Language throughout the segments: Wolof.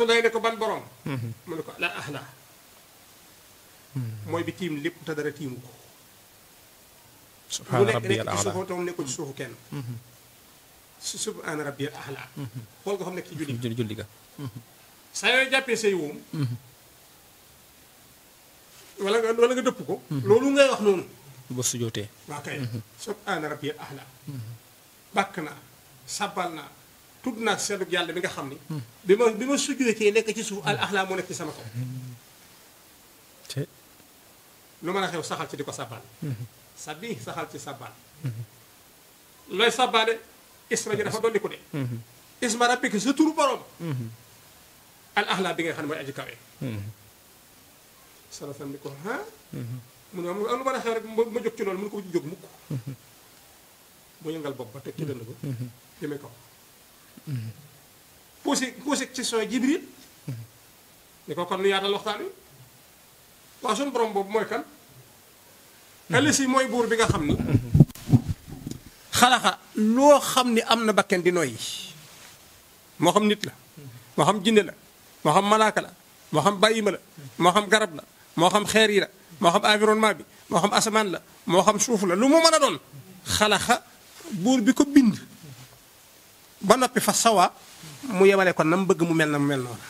Rasulullah ne ko ban borom. Mhm. mu ne ko la ahla mooy bi tiim lépp te dara tiimu ko. subhaana rabbiyal ahla mu nekk nekk ci suufu toom nekkul ci suufu kenn. Mhm. subhaana rabbiyal mhm. xam ne ci julli julli ga. saa yooyu jàppee say woom. wala nga wala nga dëpp ko. loolu ngay wax noonu. ba su jootee. waa kay subhaana rabbiyal ahla. bàkk naa sabbal naa. tudd naa seetlu yàlla bi nga xam ni. bi ma bi ma sujjutee nekk ci suuf al axlaa moo nekk ci sama kaw. lu mën a xew saxal ci di ko sabbaal. Mhm. sabbi saxal ci sabbaal. Mhm. looy sabbaale isma ji dafa dolli ko de. Mhm. isma rabbika sa turu borom. al axlaa bi nga xam ne mooy aji kawe. salatan ni ko ah. mu ne ma lu mën a xew rek ma jóg ci loolu mën ko jóg mukk. mu yëngal bopp ba teg ci dënd ba. jëmee kaw. poussé poussé ci sooy jibril ni ko kon lu yaatal waxtaan wi waaw suñu borom boobu mooy kan alisi mooy buur bi nga xam ni xalaxa loo xam ni am na bakken di noyyi moo xam nit la moo xam jinne la moo xam malaaka la moo xam bàyyima la moo xam garab la moo xam xeer yi la moo xam environnement bi moo xam asamaan la moo xam suuf la lu mu mën a doon xalaxa buur bi ko bind ba noppi fa sawa mu yemale kon na mu bëgg mu mel na mu mel noonu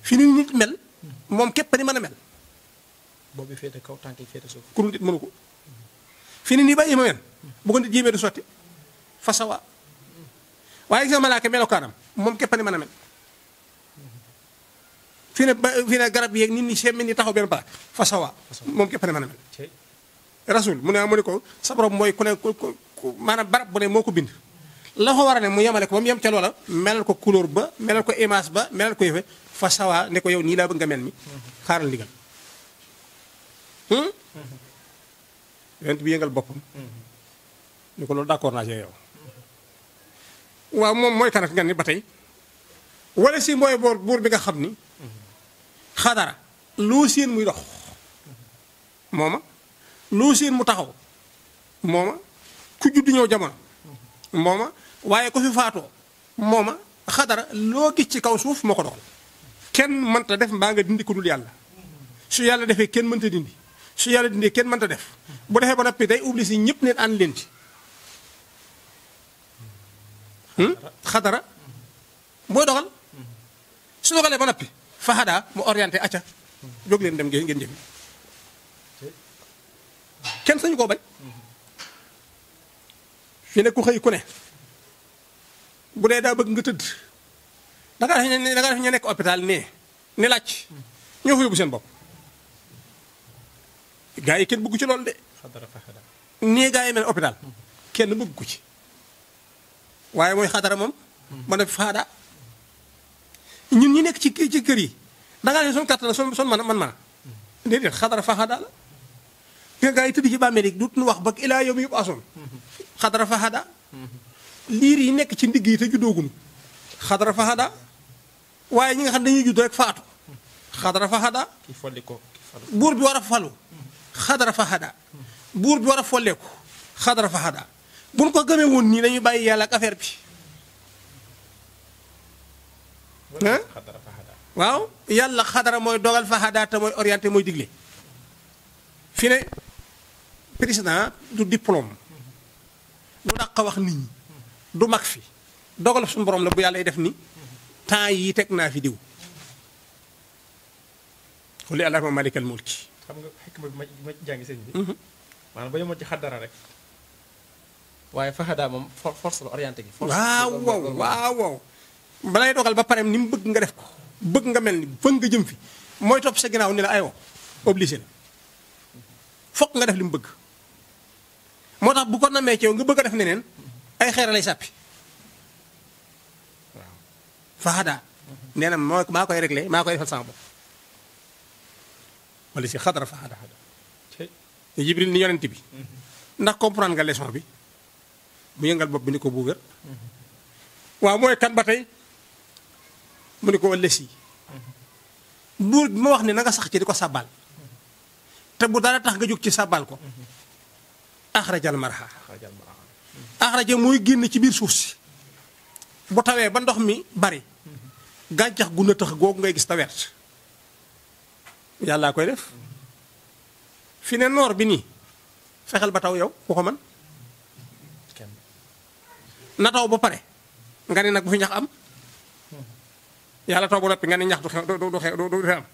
fi ni nit mel moom képp ni mën a mel. boobu kaw tànk yi féete suuf. ku dul nit mënu ko fi ni nii melokaanam moom képp ni mën a mel. fi ne ba fi ne garab yeeg nit ñi semmi ni taxaw benn palaas fa sawa moom képp ni mën a mel. rasul mu ne mu ko sa borom mooy ku ne ku maanaam barab bu ne moo ko bind. la war a ne mu yemale ko ba mu yem ca loola melal ko couleur ba melal ko image ba melal ko yëfe fa sawa ne ko yow nii laa bëgg nga mel mi xaaral ndigal hmm? yonent bi yëngal boppam ni ko loolu d'accord naa ci yow waaw moom mooy kan ak nga ni ba tey wala si mooy buur bi nga xam ni xadara loo seen muy dox mooma loo seen mu taxaw mooma ku juddu ñëw jamono mooma waaye ko fi faatoo mooma xadara loo gis ci kaw suuf moo ko doxal kenn mënta def mbaa nga dindi ku dul yàlla su yàlla defee kenn mënta dindi su yàlla dindee kenn mënta def bu defee ba noppi day ubbi si ñëpp neen ànd leen ci hmm? xadara mooy dogal su dogalee ba noppi fa xadaa mu orienté acca jóg leen dem ngeen ngeen jëm kenn sañu koo bañ ñu ne ku xëy ku ne bu dee daa bëgg nga tëdd da nga def da nga def ñu nekk hôpital nee ni laaj seen bopp gaa yi kenn bëgg ci loolu de nii gaa yi mel hôpital kenn bëgg ko ci waaye mooy xadara moom ba hmm. noppi faada ñun ñi nekk ci ci kër yi da ngaa ne son kattan son son man man man déedéet xadara faxaada la nga gaa yi tëdd ci bàmmeel yi dutuñu wax ba ilaa yow mi yëpp asoon xadara fa hada liir yi nekk ci ndigg yi te juddooguñu xadara fa hada waaye ñi nga xam dañuy judd rek faatu xadara fa hada buur bi war a falu xadara fa hada buur bi war a folleeku ko gëmee woon nii dañuy bàyyi yàlla ak affaire bi waaw yàlla xadara mooy dogal fa hada te mooy orienté mooy digle fi ne du diplôme lu dakk wax nit ñi du mag fi dogal suñu borom la bu yàlla def ni temps yi teg naa fi diw xuli allahuma malikal mulki xam nga xikma bi ma ma jàngi sëñ bi maanaam ba yemoon ci xaddara rek waaye fahada daa moom force la orienté gi waaw waaw waaw waaw balay dogal ba parem ni mu bëgg nga def ko bëgg nga mel ni bëgg nga jëm fi mooy topp sa ginnaaw ni la ayoo obligé la foog nga def li mu bëgg moo tax bu ko namee ci nga bëgg a def neneen ay xeer lay sàppi waaw faxadaa nee na moo maa koy réglé maa koy defal sama bopp wala si xadara faxadaa te jibril ni yonent bi mm-hmm. ndax comprendre nga leçon bi mu yëngal bopp bi ni ko bu wér mm-hmm. waaw mooy kan ba tey mu ni ko ëllësi mm-hmm. buur bi ma wax ne nanga sax ci di ko sàbbaal te bu dara tax nga jóg ci sàbbaal ko axrajal marha axraja mooy génn ci biir suuf si bu tawee ba ndox mi bari gàncax gu na tax googu ngay gis tawet yàllaa koy def fi ne noor bi nii fexeel ba taw yow ku ko man na taw ba pare nga ne nag bu fi ñax am yàlla taw bu noppi nga ne ñax du xew du du du xew du am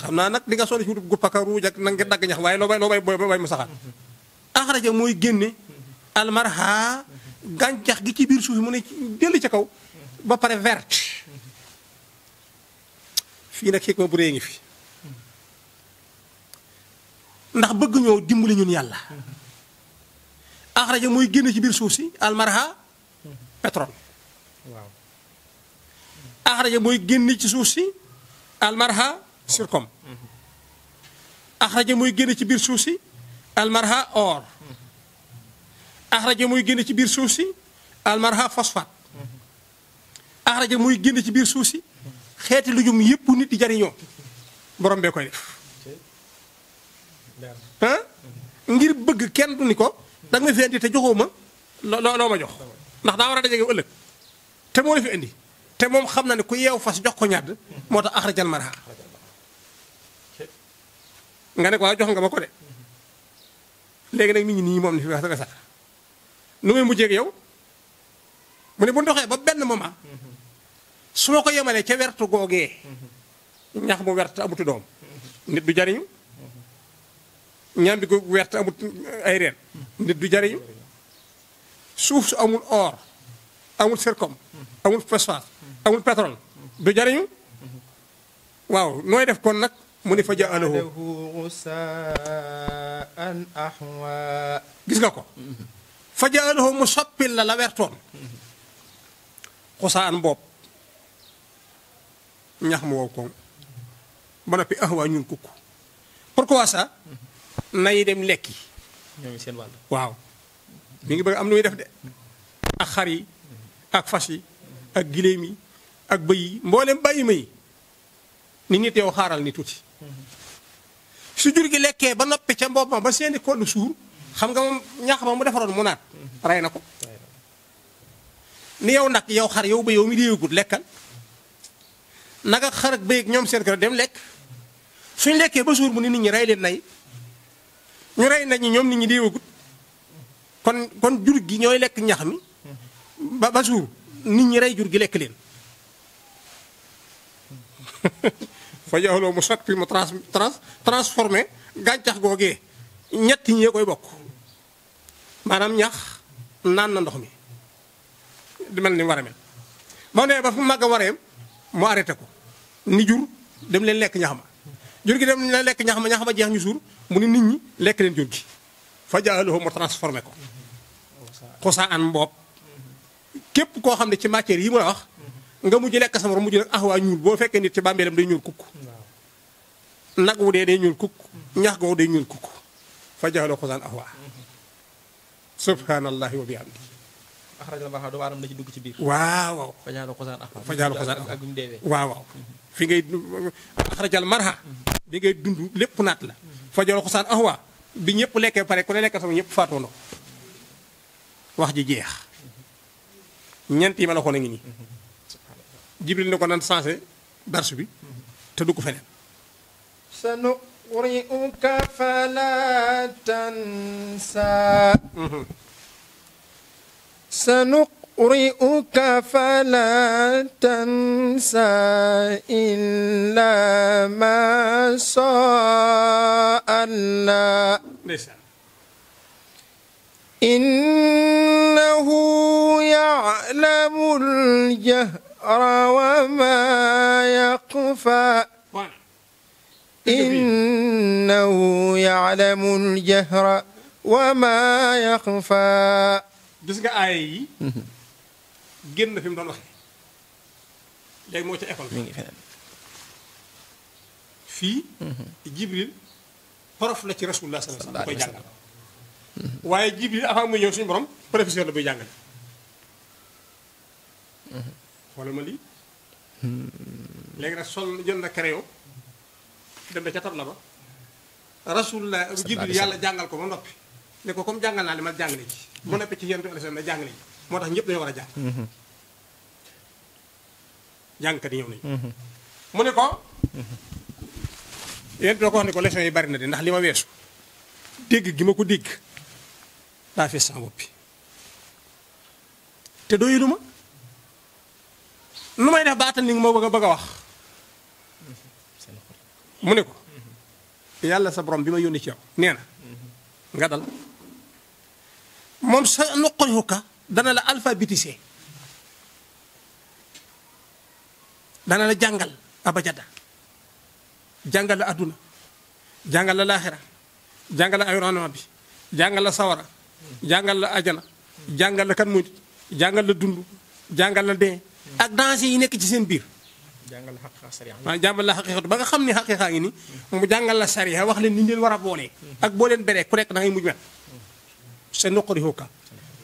xam naa nag dinga nga sonn si wutub guppaka ruuj ak na nga dagg ñax waaye loo bay loo bay loo bay mu saxaat axraja mooy génne almarha gàncax gi ci biir suuf mu ne dellu ci kaw ba pare verte fii nag xikma bu rëy ngi fi ndax bëgg ñoo dimbali ñun yàlla axraja mooy génne ci biir suuf si almarha pétrole waaw axraja mooy génne ci suuf si almarha circom axraja muy génn ci biir suuf si almarha or axraja génn ci biir suuf si almarha phosphate axraja muy génn ci biir suuf si xeeti lujum yépp nit di jariñoo borom bee koy def ngir bëgg kenn du ni ko da nga ma fi indi te joxoo ma loo loo ma jox ndax daa war a daje yow ëllëg te moo fi indi te moom xam na ne ku yeew fas jox ko ñàdd moo tax axrajal marha nga ne ko waaw jox nga ma ko de léegi nag mi ngi nii moom ni fi wax dëgg nu muy mujjee ak yow mu ne bu ndoxee ba benn moment soo ko yemalee ca wertu googee ñax mu wert amutu doom nit du jariñu ñam bi ko amut ay reen nit du jariñu suuf su amul or amul circom amul phosphate du jariñu waaw nooy def kon nag mune ne fa ja'alahu an ahwa gis nga ko fa ja'alahu mu la la wertoon xusaan bopp ñax mu wow koŋ ahwa ñun kuku pourquoi ça nay dem lekki seen wal waaw mi ngi bëgg am nu def de ak xari ak fas ak gilemi ak bayyi mbolem bayyi mi nit ñi xaaral ni tuti su jur gi lekkee ba noppi ca mboppam ba seeni kon suur xam nga moom ñax ma mu defaroon mu naat rey na ko ni yow nag yow xar yow ba yow mi déewagut lekkal naka xar ak bëy ñoom seen kër dem lekk suñ lekkee ba suur bu ni nit ñi rey leen nay ñu rey ñi ñoom nit ñi déewagut kon kon jur gi ñooy lekk ñax mi ba ba suur nit ñi rey jur gi lekk leen fa jaxaloo mu sot fi mu trans trans transformé gàncax googee ñetti ñee koy bokk maanaam ñax naan na ndox mi di mel ni war a mel ba ba fu màgg a wareem mu arrêté ko ni jur dem leen lekk ñax ma jur gi dem la lekk ñax ma ñax ma jeex ñu suur mu ni nit ñi lekk leen jur gi fa jaxaloo mu transformé ko xosaan boobu képp koo xam ne ci matière yi ma wax nga mujj nek sama morom mujj nag ah waa ñuul boo fekkee nit ci bàmbeelam day ñuul kuku, nak wu de day ñuul kukk ñax go day ñuul kukk fa jaxaloo xusaan ahwa subhanallahi wa bihamdi akhrajal la do waram na ci dugg ci bir waaw fa jaxaloo xusaan ahwa fa jaxaloo xusaan ak bu dewe waaw fi ngay akhrajal marha bi ngay dund lepp nat la fa ahwa bi ñepp lekke pare ku sama ñepp faato no wax ji jeex ñent yi mala ko jibril ne ko nan sensé darsu bi te du ko feneen sa nu ri'uka fala tansa sa nu أقرئك فلا تنسى إلا ما سألنا إنه يعلم الجهل وما يخفى إنه يعلم الجهر وما يخفى gis nga aay yi génn fi mu doon waxee léegi moo ca école mi ngi feneen fii jibril prof la ci rasulullah sallallahu alayhi wasallam koy jàngal waaye jibril avant muy ñëw suñu borom professeur la buy jàngal xoolal ma lii. léegi nag sol jël na crayon dem na ca tabla ba. rasulullah jibril yàlla jàngal ko ba noppi. ne ko comme jàngal naa li ma jàngale ji. mu nekk ci yentu alayhi na moo tax ñëpp dañoo war a jàng. Mhm. jàngkat yi ñëw nañu. Mhm. mu ne ko. Mhm. yentu doo ko wax ne ko leçon yi bari na de ndax li ma weesu. dégg gi ma ko dégg daa fees sama bopp bi te doyuluma. lumay def batal ni mo bëgg bëgg wax mu ne ko yalla sa borom bima yoni ci yow neena nga dal mom sa nuqrixuka dana la alphabétisé dana la jàngal abajada jangal la aduna jangal la laaxira Jangal la environnement bi jangal la sawara jangal la ajana jangal la kan muy jangal la dundu jangal la de ak danger yi nekk ci seen biir. jàngal ah, la xaqiiqa ba nga xam ne xaqiiqa ngi ni mu jàngal la sariya wax leen ni ñu leen war a boolee. ak boo leen beree ku nekk da ngay mujj mel. sa nuqri'uka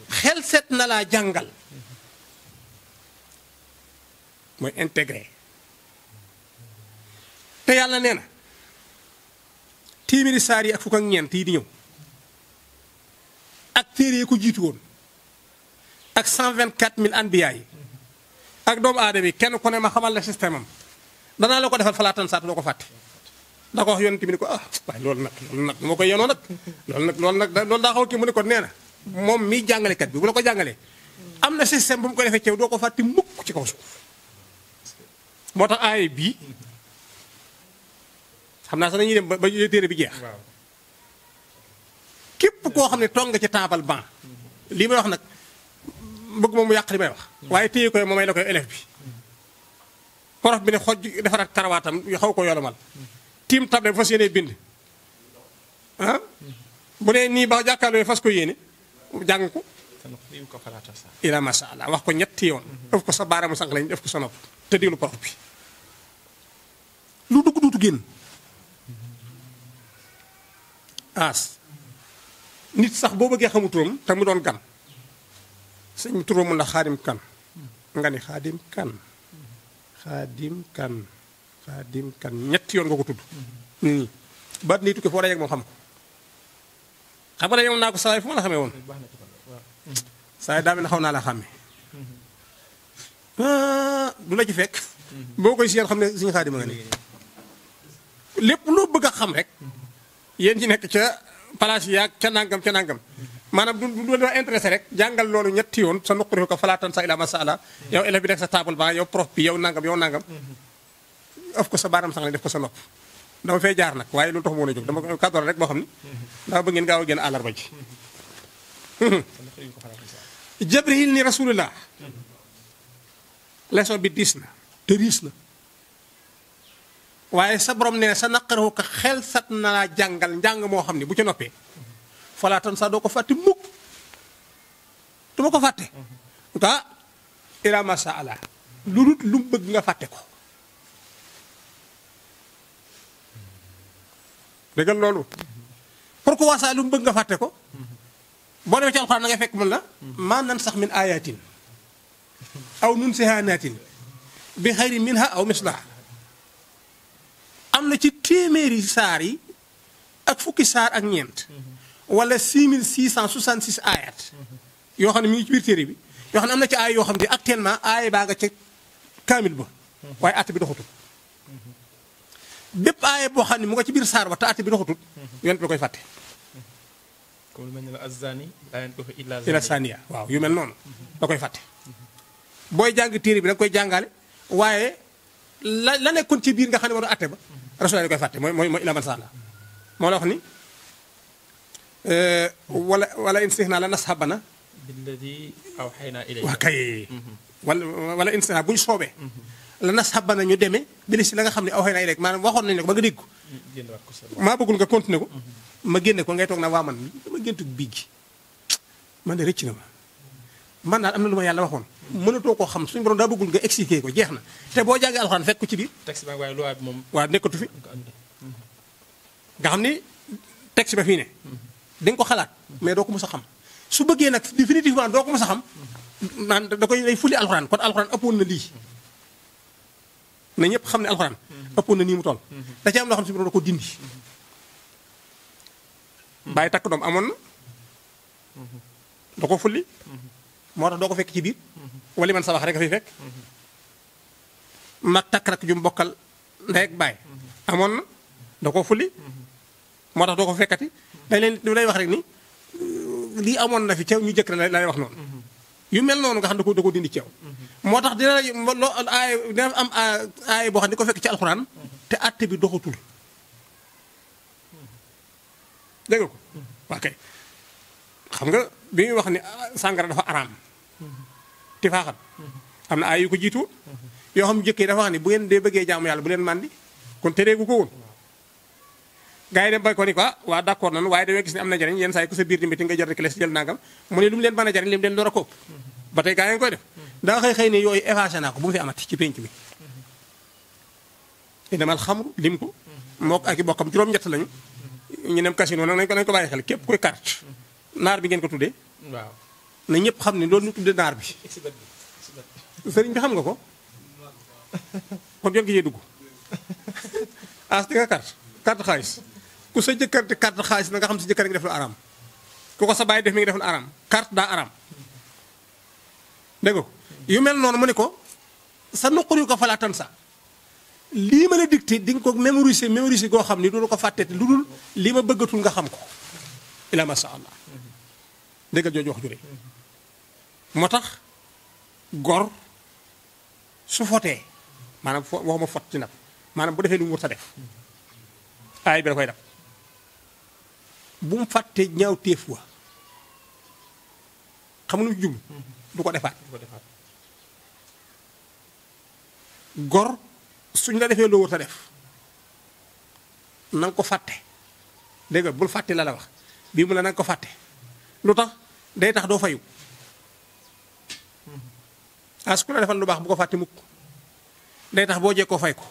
xel set na laa jàngal. mooy intégré te yàlla nee na téeméeri saar yi ak fukk yi di ñëw ak téere yi ko jiitu woon ak 124 000 anbiya yi. ak doomu aadama yi kenn ku ne ma xamal na système am danaa la ko defal falaatan saatu doo ko fàtte da ko wax yonent bi ko ah waaye loolu nag loolu nag moo ko yenoo nag loolu nag loolu nag loolu daa xaw kii mu ne ko nee moom mii jàngalekat bi bu la ko jàngalee am na système bu mu ko defee ceew doo ko fàtte mukk ci kaw suuf moo tax aaya bii xam naa sax dañuy dem ba ba téere bi jeex képp koo xam ne toog nga ci taabal ban lii may wax nag bëgg moom mu yàq may wax waaye téye koy moomay la koy élève bi prof bi ne xoj defar ak karawaatam xaw ko yolomal tiim table fas yéene bind ah bu nee nii ba jàkkaarloo fas ko yéene jàng ko ila masha allah wax ko ñetti yoon def ko sa baaraamu sànq lañ def ko sa nopp te diglu prof bi lu dugg duutu génn as nit sax boo bëggee xamuturam te mu doon gan sëñ turam mu la xaadim kan nga ni xaadim kan xaadim kan xaadim ñetti yoon nga ko tudd nii baat nii tukki foo dajeg moom xam ko xam nga ne yow naa ko saa yi ma la xamee woon saa yi daa mel xaw naa la xàmme ah, du la ci fekk boo koy seen xam ne suñu xaadima nga ne lépp loo bëgg a xam rek yéen ci nekk ca palaas yi yaag ca nangam ca nangam manam du du da intéressé rek jangal lolu ñetti yoon sa nokkuri ko falaatan sa ila masala hmm. yow élève bi nekk sa table ba yow prof bi yow nangam yow nangam of hmm. ko sa baram sax la def ko sa nopp dama fay jaar nak waye lu tax mo a jóg dama kàddu rek bo xamni hmm. da ndax ba ngeen gaaw a alarba ci jibril ni rasulullah leso bi disna te risna waye sa borom ne sa ko na bu ci noppé falaatan sax doo ko fàtte mukk du ko fàtte ah ila masha allah lu dul lu mu bëgg nga fàtte ko dëggal loolu pourquoi ça lu mu bëgg nga fàtte ko boo demee ci alxuraan nga fekk mun la maa nan sax min ayatin aw nun sihaanatin bi xayri minha aw mislaha am na ci téeméeri saar yi ak fukki saar ak ñeent wala 6666 ayat yoo xam ne mi ngi ci biir téere bi yoo xam ne am na ci aay yoo xam ne actuellement aay baa nga ba waaye bi doxatul bépp aay xam ne mu nga ci biir saar ba te at bi doxatul yonent koy fàtte. mel ne la azzani laa yankihu illa waaw yu mel noonu da koy fàtte. booy jàng téere bi da nga koy jàngaale waaye la la nekkoon ci biir nga xam ne moo doon atte ba rasulullah koy fàtte mooy mooy mooy man saala moo la ni. Eh, wala wala in sixnaa la nasxabana billadi awxaynaa ilayka waa kay mhm. wala wala in sixnaa bu ñu soobee mhm. la nasxabana ñu demee bili si la nga xam ne awxaynaa ilayka maanaam waxoon nañ la ko ba nga dégg ko maa bëggul nga continué ko mhm. ma génne ko ngay toog naa waa man dama géntug biig gi man de rëcc na ma man naa am na lu ma yàlla waxoon mënatoo koo xam suñu borom daa bëggul nga expliqué ko jeex na te boo jàngee alxuraan fekk ko ci biir texte ba waaye loi bi moom waa nekkatu fi nga xam ni texte ba fii ne dañ ko xalaat mais doo ko mos a xam su bëggee nag définitivement doo ko mos a xam naan da koy day fuli alxuraan kon alxuraan ëppoon na lii na ñëpp xam ne alxuraan ëppoon na nii mu toll da ci am loo xam si biir da ko dindi bàyyi takk doom amoon na da doo ko fekk ci biir wala man sabax rek takk rak ju amoon na da ko fulli moo tax doo ko fekkati dañ lay wax rek ni euh, lii amoon na fi ceew ñu jëkk la lay wax noonu mm-hmm. yu mel noonu nga xam ne ko da ko dindi ceew mm-hmm. moo tax dina loo aay aay boo xam ne ko fekk ci alxuraan mm-hmm. te bi doxatul xam nga bi wax ni ah, sàngara dafa araam tifaaxat am na aay yu ko jiitu yoo xam jëkkee dafa wax ni bu ngeen dee bëggee jaamu yàlla bu leen màndi kon tereegu ko woon gars yi dem ba ko ni quoi waaw d'accord nañu waaye damay gis ne am na njariñ yenn saa yi ko sa biir di meeting nga jël rek mu ne lu leen mën a jariñ leen door a ko ba tey gars yi da nga xëy xëy ne yooyu effacé naa ko bu mu fi amati ci pénc mi inamal xamru lim ko ñu nem casino nag nañ ko nañ ko bàyyi xel képp koy carte naar bi ngeen ko tudde waaw na ñëpp xam ne loolu ñu naar bi sëriñ bi xam nga ko kon jot gi jee dugg as di nga carte carte xaalis ku sa jëkkër di carte xaalis na nga xam sa jëkkër a ngi def lu araam ku ko sa bàyyi def mi ngi def lu araam carte daa araam dégg nga yu mel noonu mu ne ko sa nuqur yu ko falaatan sa lii ma la dicté di nga ko mémoriser mémoriser goo xam ni du ko fàtte lu dul lii ma bëggatul nga xam ko ila ma sha allah dégg jooju wax jure moo tax gor su fotee maanaam fo waxuma fot ci nag maanaam bu defee lu mu wër sa def aay bi da koy def bu mu fàttee ñaaw téef wa xam lu jub mm-hmm. du ko defaat gor suñ la defee loo war a def na ko fàtte dégg nga bul fàtte la la bii mu la na ko fàtte lu tax day tax doo fayu mm-hmm. as ah, ku la defal lu baax bu ko fàtte mukk day tax boo jekkoo fay ko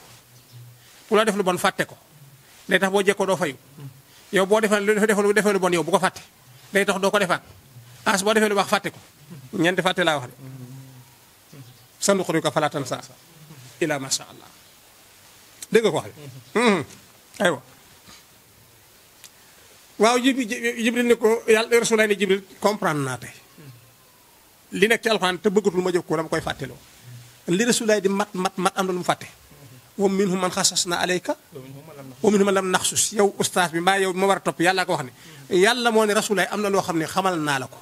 ku la def lu bon fàtte ko day tax boo jekkoo doo fayu mm-hmm. yow boo defal lu defal lu bon yow bu ko fàtte day tax doo ko defaat as boo defee lu baax fàtte ko ñent fàtte laa wax de sanuqri'uka falaa tansaa illaa maa shaa Allah dégg nga ko wax wa waaw jib jibril ne ko yàlla rasulaay ne jibril comprendre naa tey li nekk ci alxuraan te bëggatul ma jox ko dama koy fàtteloo li rasulaay di mat mat mat am na lu mu fàtte ومنهم من خصصنا عليك ومنهم لم نخصص يا استاذ بما يا مبر توب يالا كو خني يالا موني رسول الله امنا لو خني خمالنا لكو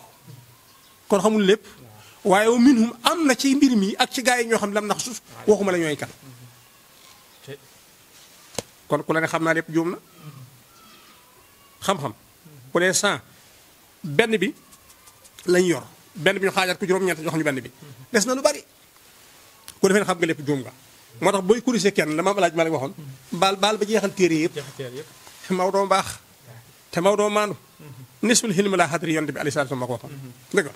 كون خمول ليب وايو منهم امنا شي ميرمي اك شي غاي ньо خم لم نخصص واخوما لا ньоي كان كون كولا ني خمنا ليب جومنا خم خم بو لي سان بن بي لا ньор بن بي خاجار كو جوم نيت جوخني بن بي دسنا لو بari كو ديفن خم غليب جومغا moo tax booy kurise kenn la maam alaaj ma la waxoon baal baal ba jeexal téere yëpp Maodo baax te Maodo maandu nisful xilmi laa xadri yonte bi alei salatu ma ko waxoon dëgg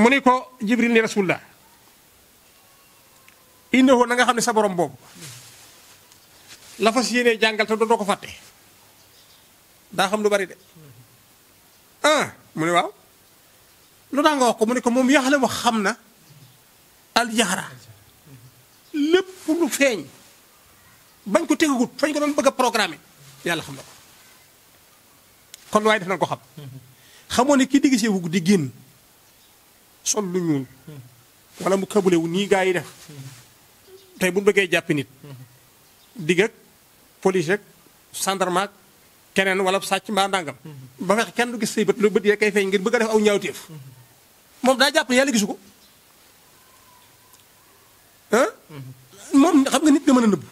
mu ni ko jibril ni rasulullah innahu na nga xam ne sa borom boobu la fas yéenee jàngal te dootoo ko fàtte daa xam lu bari de ah mu ne waaw lu daa nga wax ko mu ne ko moom yaxle wax xam na al jaxra lépp lu feeñ bañ ko tegagut fañ ko doon bëgg a yàlla xam na ko kon waaye def nañ ko xam xamoo ne kii digg see wugg di génn sol lu ñuul wala mu kabulewu nii gaa yi def tey bu bëggee jàppi nit digg ak police ak gendarme ak keneen wala sàcc mbaa ndàngam ba fexe kenn du gis say bët lu bët yee kay feeñ ngir bëgg a def aw ñaawteef moom daa jàpp ne yàlla gisu ko ah moom xam nga nit nga mën a nëbbu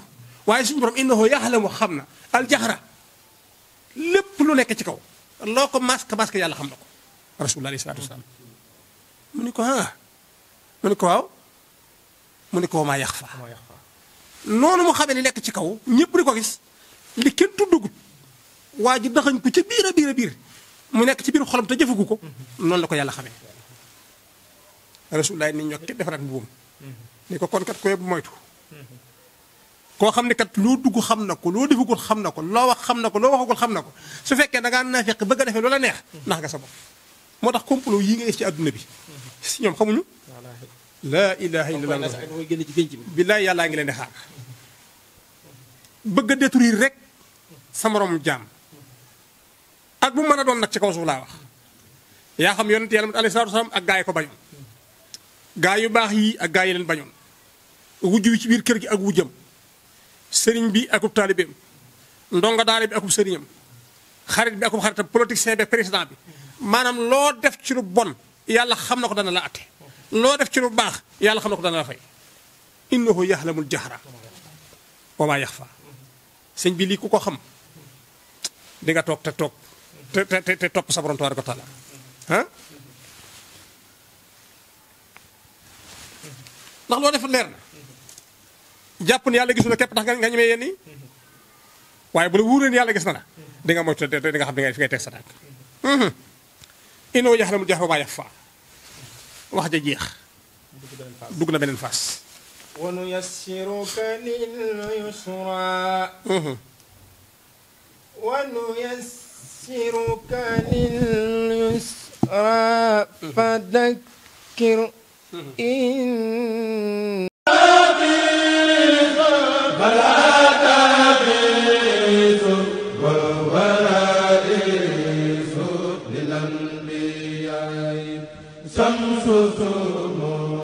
waaye suñu borom innahu yaxlamu xam na aljaxra lépp lu nekk ci kaw loo ko masque masque yàlla xam na ko rasulullah alayhi salaatu wasalaam mu ni ko ah mu ni ko waaw mu ni ko maa yax faa noonu mu xamee ni nekk ci kaw ñëpp di ko gis li kenn tuddagut waa ji daxañ ko ca biir a biir a biir mu nekk ci biir xolam te jëfagu ko noonu la ko yàlla xamee rasulullah ni ñokki defaraat mbuum ni ko kon kat ko yëpp moytu koo xam ne kat loo dugg xam na ko loo defagul xam na ko loo wax xam na ko loo waxagul xam na ko su fekkee da ngaa naafeq bëgg a defee loola neex nax nga sa bopp moo tax complot yii nga gis ci àdduna bi si ñoom xamuñu laa ilaha illallah billaay yàllaa ngi leen di xaar bëgg a détruire rek sa morom jaam ak bu mën a doon nag ci kaw suuf laa wax yaa xam yonent yàlla alayhi salaatu wasalaam ak gaa yi ko bañoon gaa yu baax yii ak gaa yi leen bañoon wujj wi ci biir kër gi ak wujjam sëriñ bi akub taalibeem ndongo daara bi akub sëriñam xarit bi akub xaritam politicien bi président bi maanaam loo def ci lu bon yàlla xam na ko dana la atte loo def ci lu baax yàlla xam na ko dana la fay innahu yaxlamul jahra wa maa yaxfa sëñ bi lii ku ko xam di nga toog te toog topp sa borom tabaaraka wa taala ndax loo def leer japp ni yalla gisuna kep tax nga ñemee yenn ni waye bu la wóoree ni yalla gis na la di nga moytu di nga xam ne fi ngay tek sa hmm ino yahlamu jaxra ba yafa wax ja jeex dug na benen fas wa yassiruka lil yusra hmm wa yassiruka lil yusra mhm. fadakkir mhm. in Malata